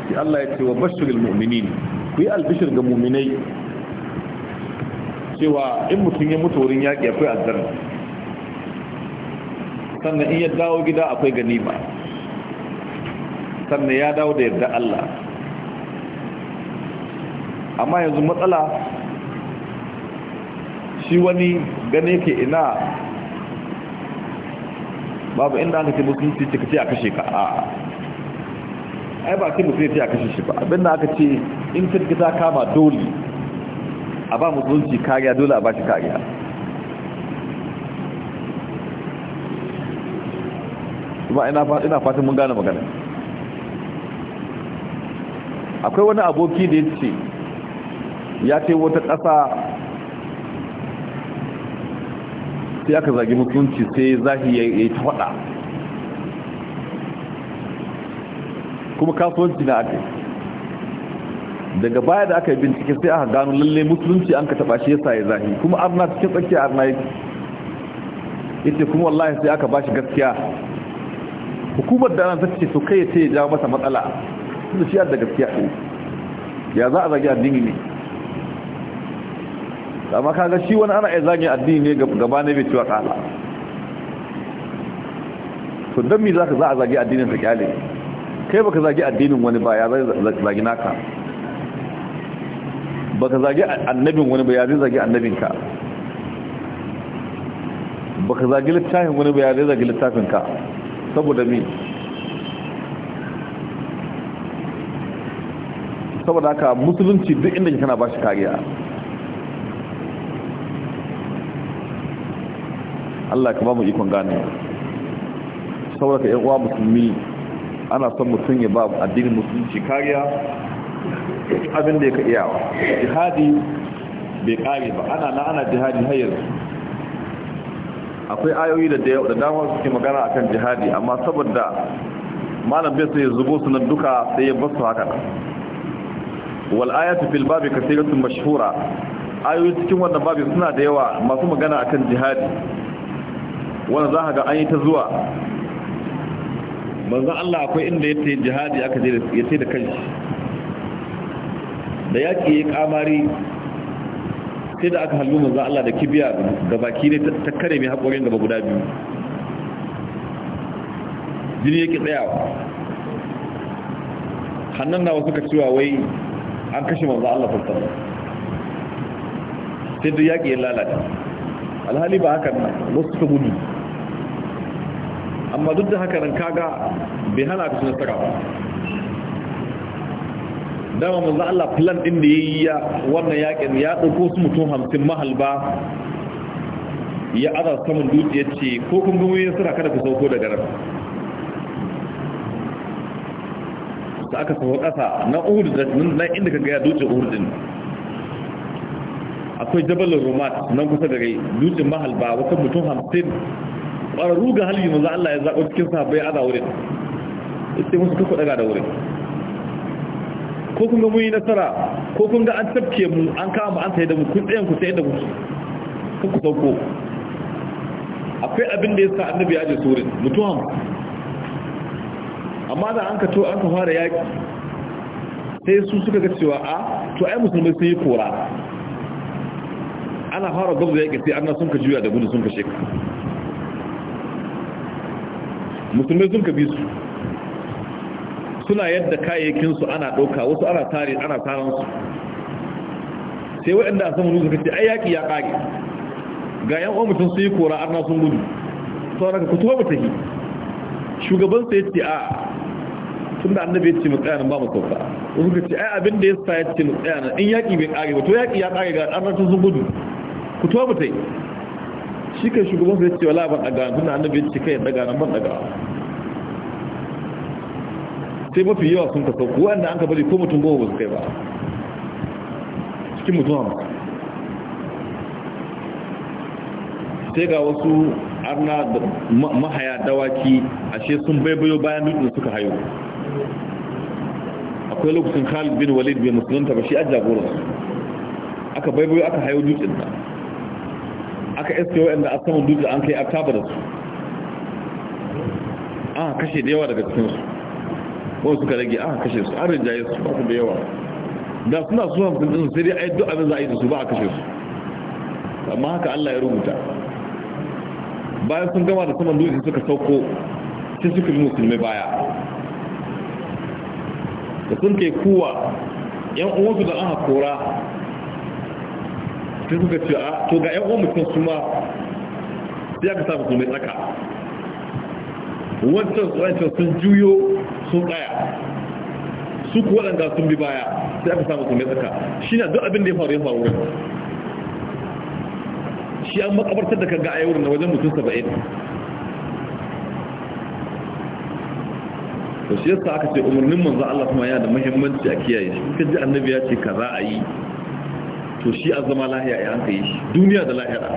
shi Allah ya ce wa bashirin mummini, ku yi albishir ga mu'minai cewa in mutum ya mutu wurin yaƙi akwai azar sannan in ya dawo gida akwai ganima sannan ya dawo da yarda Allah amma yanzu matsala shi wani gane ke ina babu inda aka ce musulunci ce ka ce a kashe ka a ai ba ce musulunci ce a kashe shi ba abinda aka ce in kirki ta kama dole a ba musulunci kariya dole a ba shi kariya kuma ina fatan mun gane magana akwai wani aboki da ya ce ya ce wata ƙasa sai aka zagi hukunci sai zahi ya yi ta faɗa kuma kasuwanci na ake daga baya da aka yi bincike sai aka gano lalle mutunci an ka taɓa shi ya ya zahi kuma arna cikin tsakiya arna ya ita kuma wallahi sai aka bashi gaskiya hukumar da ana zafi su kai ya ce ya jawo masa matsala su shi da gaskiya ɗin ya za a zagi addini ne amma kaga shi wani ana izagin addini ne gaba ne bai ciwa kala to don mi zaka za a zagi addinin ka kyale kai baka zagi addinin wani ba ya zagi naka baka zagi annabin wani ba ya zai zagi annabinka baka zagi littafin wani ba ya zai zagi littafinka saboda mi saboda haka musulunci duk inda kana ba shi kariya Allah ka ba mu ikon gane saboda yan uwa musulmi ana son mutum ya ba addinin musulunci kariya abin da ya ka iyawa jihadi bai kare ba ana na ana jihadi har yanzu akwai ayoyi da da dama suke magana akan jihadi amma saboda malam bai sai zubo su na duka sai ya basu haka wal ayatu fil babi kathiratun mashhura ayoyi cikin wannan babi suna da yawa masu magana akan jihadi wanda za a ga an yi ta zuwa manzan Allah akwai inda ya jihadi aka je ya ce da kanshi da yaƙi ya kamari sai da aka hallu manzan Allah da kibiya ga baki ne ta kare mai haƙorin gaba guda biyu jini yake tsayawa hannun na wasu ka cewa wai an kashe manzan Allah fassara sai da yaƙi ya lalata alhali ba haka nan wasu ta gudu amma duk da haka nan kaga bai hana ka sunan saka ba dama manzo Allah plan din da yayi ya wannan yakin ya dauko su mutum 50 ba, ya aza saman dutse yace ko kun ga wayoyin sura kada ku sauko daga ran da aka sauko kasa na Uhud da nan inda kaga ya dutse Uhud din akwai jabalin Rumat nan kusa da gai dutsen ba wata mutum 50 ƙwararru ga hali maza Allah ya zaɓa cikin sabai a da wurin ita musu kafa daga da wurin ko kun ga mun yi nasara ko kun ga an tafke mu an kama an tsaye da mu kun tsayen ku tsaye da mu kan ku sauko akwai abin da ya sa annabi ya je surin mutuwan amma da an ka to an ka fara yaƙi sai su suka ga cewa a ah, to ai musulmai sun yi kora ana fara gwamnati yaƙi sai an sun ka juya da gudu sun ka shekara musulmai sun ka bi su suna yadda kayayyakinsu ana ɗauka wasu ana tare ana su sai waɗanda a saman ruzu ce ai yaƙi ya ƙage ga yan uwan mutum sun yi kora arna sun gudu sau daga ku tuwa mutahi shugaban sai ce a tun da annabi ya ce mu tsayanin nan ba mu sauka wasu ka ce ai abin da ya sa ya ce mu tsayanin nan in yaƙi bai ƙage ba to yaƙi ya ƙage ga arna sun gudu ku tuwa mutahi shi kai shugaban sai ce wala ban ɗaga tun da annabi ya ce kai ɗaga nan ban ɗaga sai mafi yawa sun kaso wanda an ka bari ko mutum goma ba su kai ba cikin mutum hamsin sai ga wasu arna mahaya dawaki ashe sun baibayo bayan dutsen suka hayo akwai lokacin khalid bin walid bin musulunta ba shi a jagoransu aka baibayo aka hayo dutsen ta aka iske wa'anda a saman dutsen an kai a tabar su an kashe da yawa daga cikinsu wani suka rage aka kashe su an rinjaye su ba su da yawa da suna su hamsin din sai dai ai duk abin za a yi da su ba a kashe su amma haka Allah ya rubuta bayan sun gama da saman dutse suka sauko sai suka bi musulmai baya da sun kai kuwa yan uwansu da aka kora sai suka ce a ah, to ga yan uwan mutum su ma sai aka sa musulmai tsaka wancan tsorancin sun juyo sun tsaya su ku waɗanda sun bi baya sai aka samu sun tsaka shi na duk abin da ya faru ya faru wurin shi an makabartar da kaga ayi na wajen mutum saba'in to shi yasa aka ce umarnin manzo Allah kuma yana da muhimmanci a kiyaye shi kaji ji annabi ya ce kaza a yi to shi a zama lahiya ya hanka yi shi duniya da lahira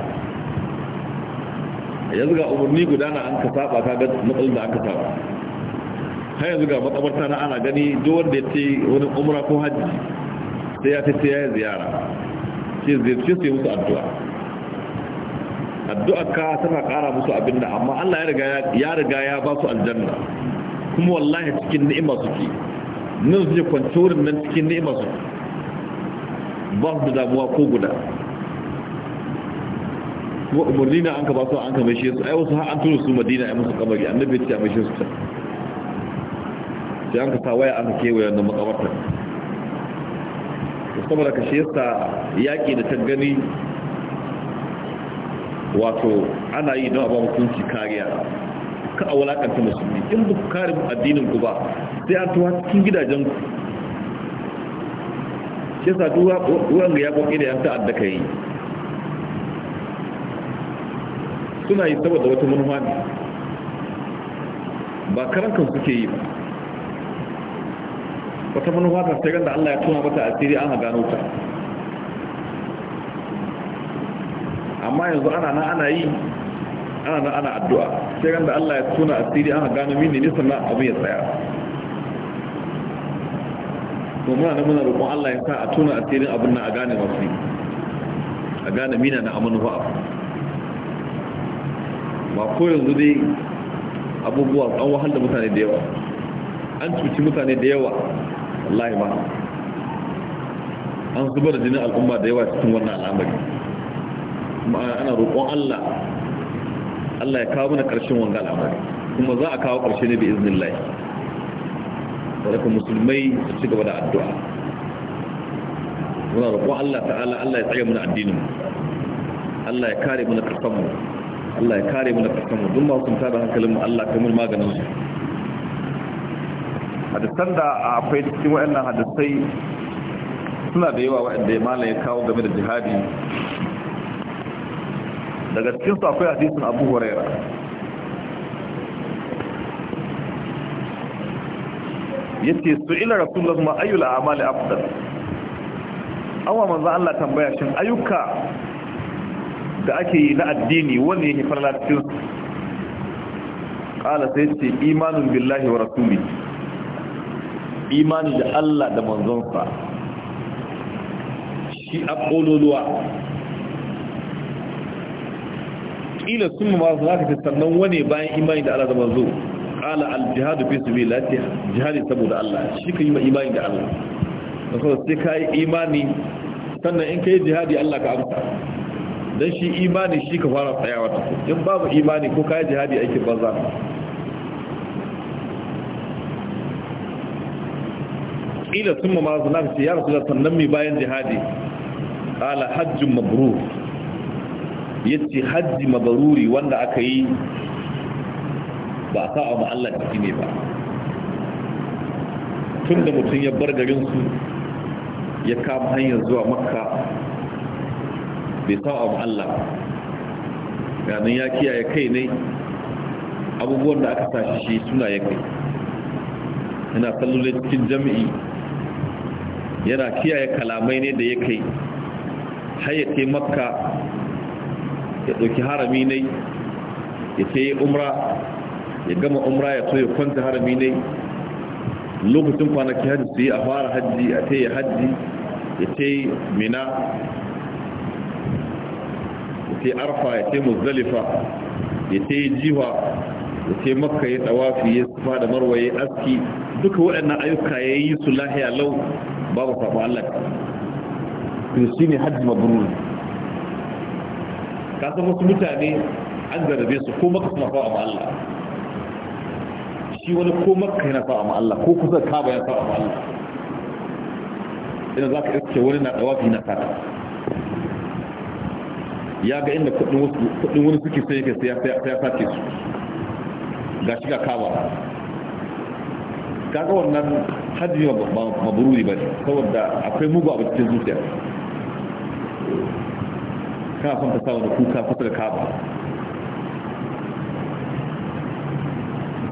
yanzu ga umarni guda na an ka saba ga matsalin da aka saba har yanzu ga matsabarta na ana gani duk wanda ya ce wani umra ko hajji sai ya sai ya yi ziyara sai ziyarci sai musu addu'a addu'a ka tana kara musu abin da amma Allah ya riga ya ba su aljanna kuma wallahi cikin ni'ima suke nan su je kwanci nan cikin ni'ima su ba su da damuwa ko guda kuma umarni na an ka ba su an ka mai shi su ai wasu har an tura su madina ai musu kamari annabi ya ce a mai shi su can sai an ka sa waya an kewaye wannan makabartar saboda ka shi yaƙi da ta gani wato ana yi don abin hukunci kariya ka a wulakanta musulmi in ba ku kare addinin ku ba sai an tuwa cikin gidajen ku shi yasa duwa wanga ya kwaƙi da yan ta'adda ka yi suna yi saboda wata manufa ne ba karan kan suke yi ba wata manufa ta sai ganda Allah ya tuna mata asiri an gano ta amma yanzu ana na ana yi ana na ana addu'a sai ganda Allah ya tuna asiri an gano mini ne sannan abu ya tsaya to muna da muna roƙon Allah ya sa a tuna asirin abin na a gane masu a gane mina na amanuwa ba ko yanzu dai abubuwa an wahal da mutane da yawa an cuci mutane da yawa wallahi ba an zubar da jinin al'umma da yawa cikin wannan al'amari kuma ana roƙon Allah Allah ya kawo mana ƙarshen wannan al'amari kuma za a kawo ƙarshe ne bi iznillah sadaka musulmai su ci gaba da addu'a muna roƙon Allah ta'ala Allah ya tsaya mana addinin Allah ya kare mana ƙarfanmu Allah ya kare mana ƙarfanmu duk masu kunta da hankalin mu Allah mun maganin su hadisan da akwai cikin wa'annan hadisai suna da yawa wa'anda ya malaye ya kawo game da jihadi daga cikinsu akwai hadisin abu huraira ya ce su ila rasulullah ma ayyul amali afdal awa manzo Allah tambaya shin ayyuka da ake yi na addini wanne yake farla cikin qala sai ce imanun billahi wa rasulihi imani da Allah da manzonsa shi a ƙololuwa ƙila sun ma za ka sannan wane bayan imani da Allah da manzo ƙala aljihadu fi su bila ce jihadi saboda Allah shi ka yi ma imani da Allah da kuma sai ka yi imani sannan in ka yi jihadi Allah ka amsa don shi imani shi ka fara tsayawa in babu imani ko ka yi jihadi aikin banza kila sun ma mazu na ya rasu da sannan bayan jihadi ala hajjin mabrur ya ce hajji mabaruri wanda aka yi ba a sa'a Allah ciki ne ba tun da mutum ya bar garinsu ya kama hanyar zuwa makka bai sa'a Allah. yanin ya kiyaye kai ne abubuwan da aka tashi shi suna ya kai yana sallolin cikin jami'i yana kiyaye kalamai ne da ya kai hayyace makka ya ɗauki harami ne ya ce yi umra ya gama umra ya toye ya kwanta harami ne lokacin kwanaki hajji su yi a fara hajji a ce ya hajji ya ce mina ya ce arfa ya ce muzalifa ya ce jiwa ya ce makka ya tsawafi ya fada marwaye aski duka waɗannan ayyuka ya yi su lahiya lau babu sabon Allah to shi ne hajji mabrur ka san wasu mutane an zarabe su ko maka suna fa'a ma Allah shi wani ko maka yana fa'a ma Allah ko kusa kaba ya fa'a ma Allah ina za ka iske wani na ɗawafi na fata ya ga inda kudin wani suke sai ka sai ya sake su ga shiga kaba ga wannan hajji ba mabururi ba saboda akwai mugu abu cikin zuciya kana son ka sa wani kuka kusa da kaba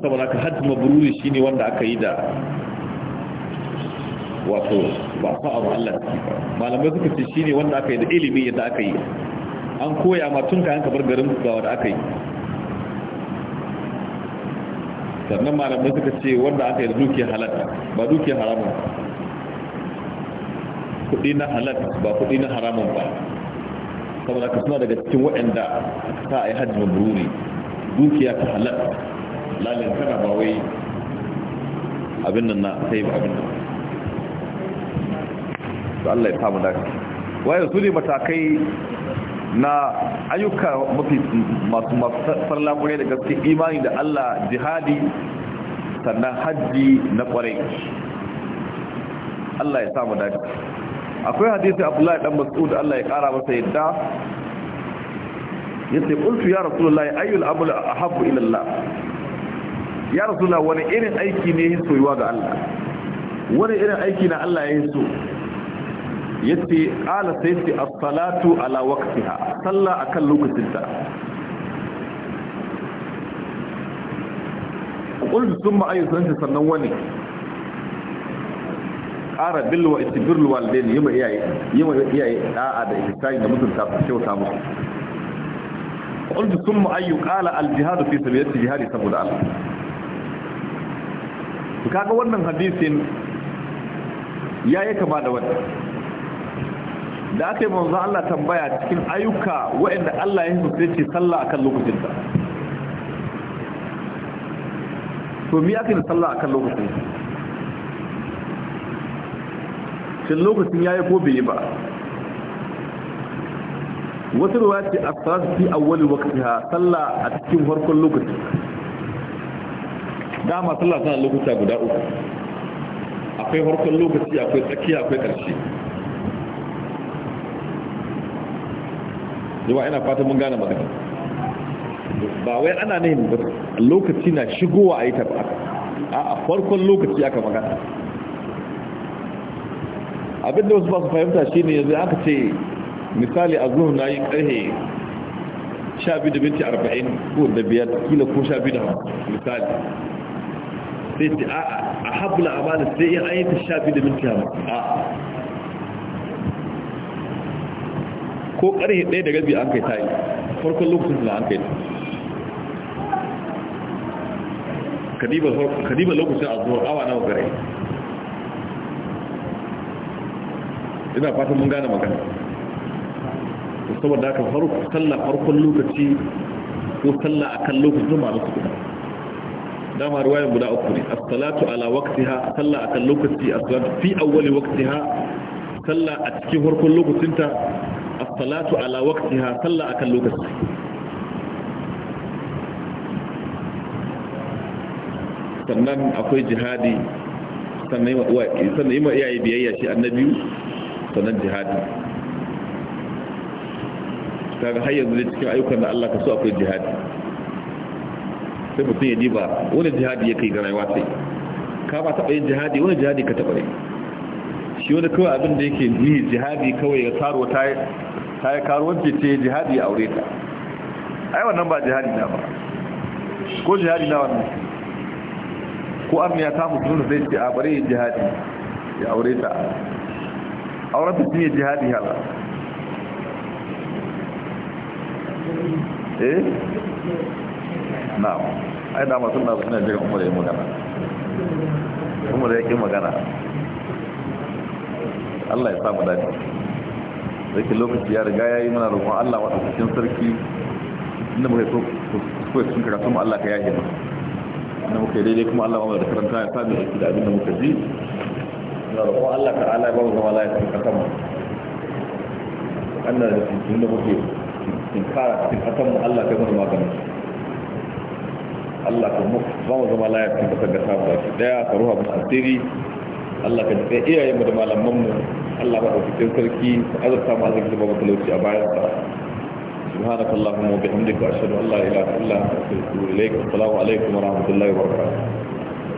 saboda ka hajji mabururi ne wanda aka yi da wato ba sa abu Allah malamai suka ce shi ne wanda aka yi da ilimi yadda aka yi an koya ma tun kayan kabar garin gawa da aka yi sannan malamai suka ce wanda aka yi dukiya halatta ba dukiya haramun kudi na halatta ba kudi na haramun ba saboda ka suna daga cikin waɗanda ta a yi hajji mabruri dukiya ta halatta lalin tana ba wai abin nan na sai ba abin nan to Allah ya samu dace waye su ne matakai na ayyuka mafi masu farla kwarai da gaske imani da Allah jihadi sannan hajji na kwarai Allah ya samu daji akwai hadisi Abdullahi dan Mas'ud Allah ya kara masa yadda yace qultu ya rasulullahi ayyul amali ahabbu ila Allah ya rasulullahi wani irin aiki ne yafi soyuwa ga Allah wani irin aiki na Allah ya yi so yace qala sayyidi as-salatu ala waqtiha salla akan lokacinta qul thumma ayyuhan sannan wani qara bil wa istibir lil walidain yima iyaye yima iyaye da'a da ihsani da mutunta su kyauta musu qul thumma ayyu qala al jihad fi sabilillahi jihadi saboda Allah kaga wannan hadisin yayi kama da wannan da aka yi manzo Allah tambaya cikin ayyuka waɗanda Allah ya hisu ce sallah akan lokacin ta to mi aka yi sallah akan lokacin shin lokacin ya yi ko bai yi ba wata ruwa ce a salatu fi awwali ha sallah a cikin farkon lokaci dama sallah tana lokuta guda uku akwai farkon lokaci akwai tsakiya akwai ƙarshe jama'a ina fatan mun gane magana ba wai ana nahin lokaci na shigowa a yi ta ba a farkon lokaci aka magana abinda wasu ba su fahimta shi ne yanzu aka ce misali a zuwa na yi ƙarhe 12.40 ko da biyar kila ko 12.50 misali sai ce a habula amana sai yin ayyata 12.50 a ko ƙarfe ɗaya da gabi an kai ta yi farkon lokacin da an kai ta kadiba lokacin a zuwa awa nawa gare ina fatan mun gane magana saboda haka sallah farkon lokaci ko sallah kan lokacin ma su kuma dama ruwayan guda uku ne as-salatu ala waqtiha sallah kan lokaci as-salatu fi awwali waqtiha sallah a cikin farkon lokacinta as-salatu ala waqtiha sallah akan lokaci sannan akwai jihadi sannan yi ma iyaye biyayya shi annabi sannan jihadi kaga har yanzu da cikin ayyukan da Allah ka so akwai jihadi sai mutum ya diba wani jihadi ya kai ga rayuwa sai ka ba taɓa yin jihadi wani jihadi ka taɓa yi shi wani kawai abin da yake yi jihadi kawai ya taro ta ta yi karuwanci ce jihadi a aure ta ai wannan ba jihadi na ba ko jihadi na wannan ko an ta mutu da zai ce a bare jihadi ya aure ta auren ta shi ne jihadi hala eh na ai a masu na suna jiran kuma da yi magana kuma da ya magana Allah ya samu daji. zai lokaci ya riga ya yi mana roƙon Allah wa ɗaukacin sarki inda muka so kuwa cikin karatu mu Allah ka yahe mu inda muka yi daidai kuma Allah ba da karanta ya sami aiki da abinda muka ji na roƙon Allah ka ala ba mu zama ya sun ƙasar mu annar da cikin da muke cikin kara cikin ƙasar mu Allah kai mana magana Allah ka mu ba mu zama lafiya cikin ƙasar da samu baki daya ka ruha mu asiri Allah ka ji iyayen mu da malaman mu Allah ba a cikin sarki azurta ma zai zuba matalauci a bayan sa subhanak allahumma wa bihamdika ashhadu an la ilaha illa anta astaghfiruka wa atubu ilayk assalamu alaikum wa rahmatullahi wa barakatuh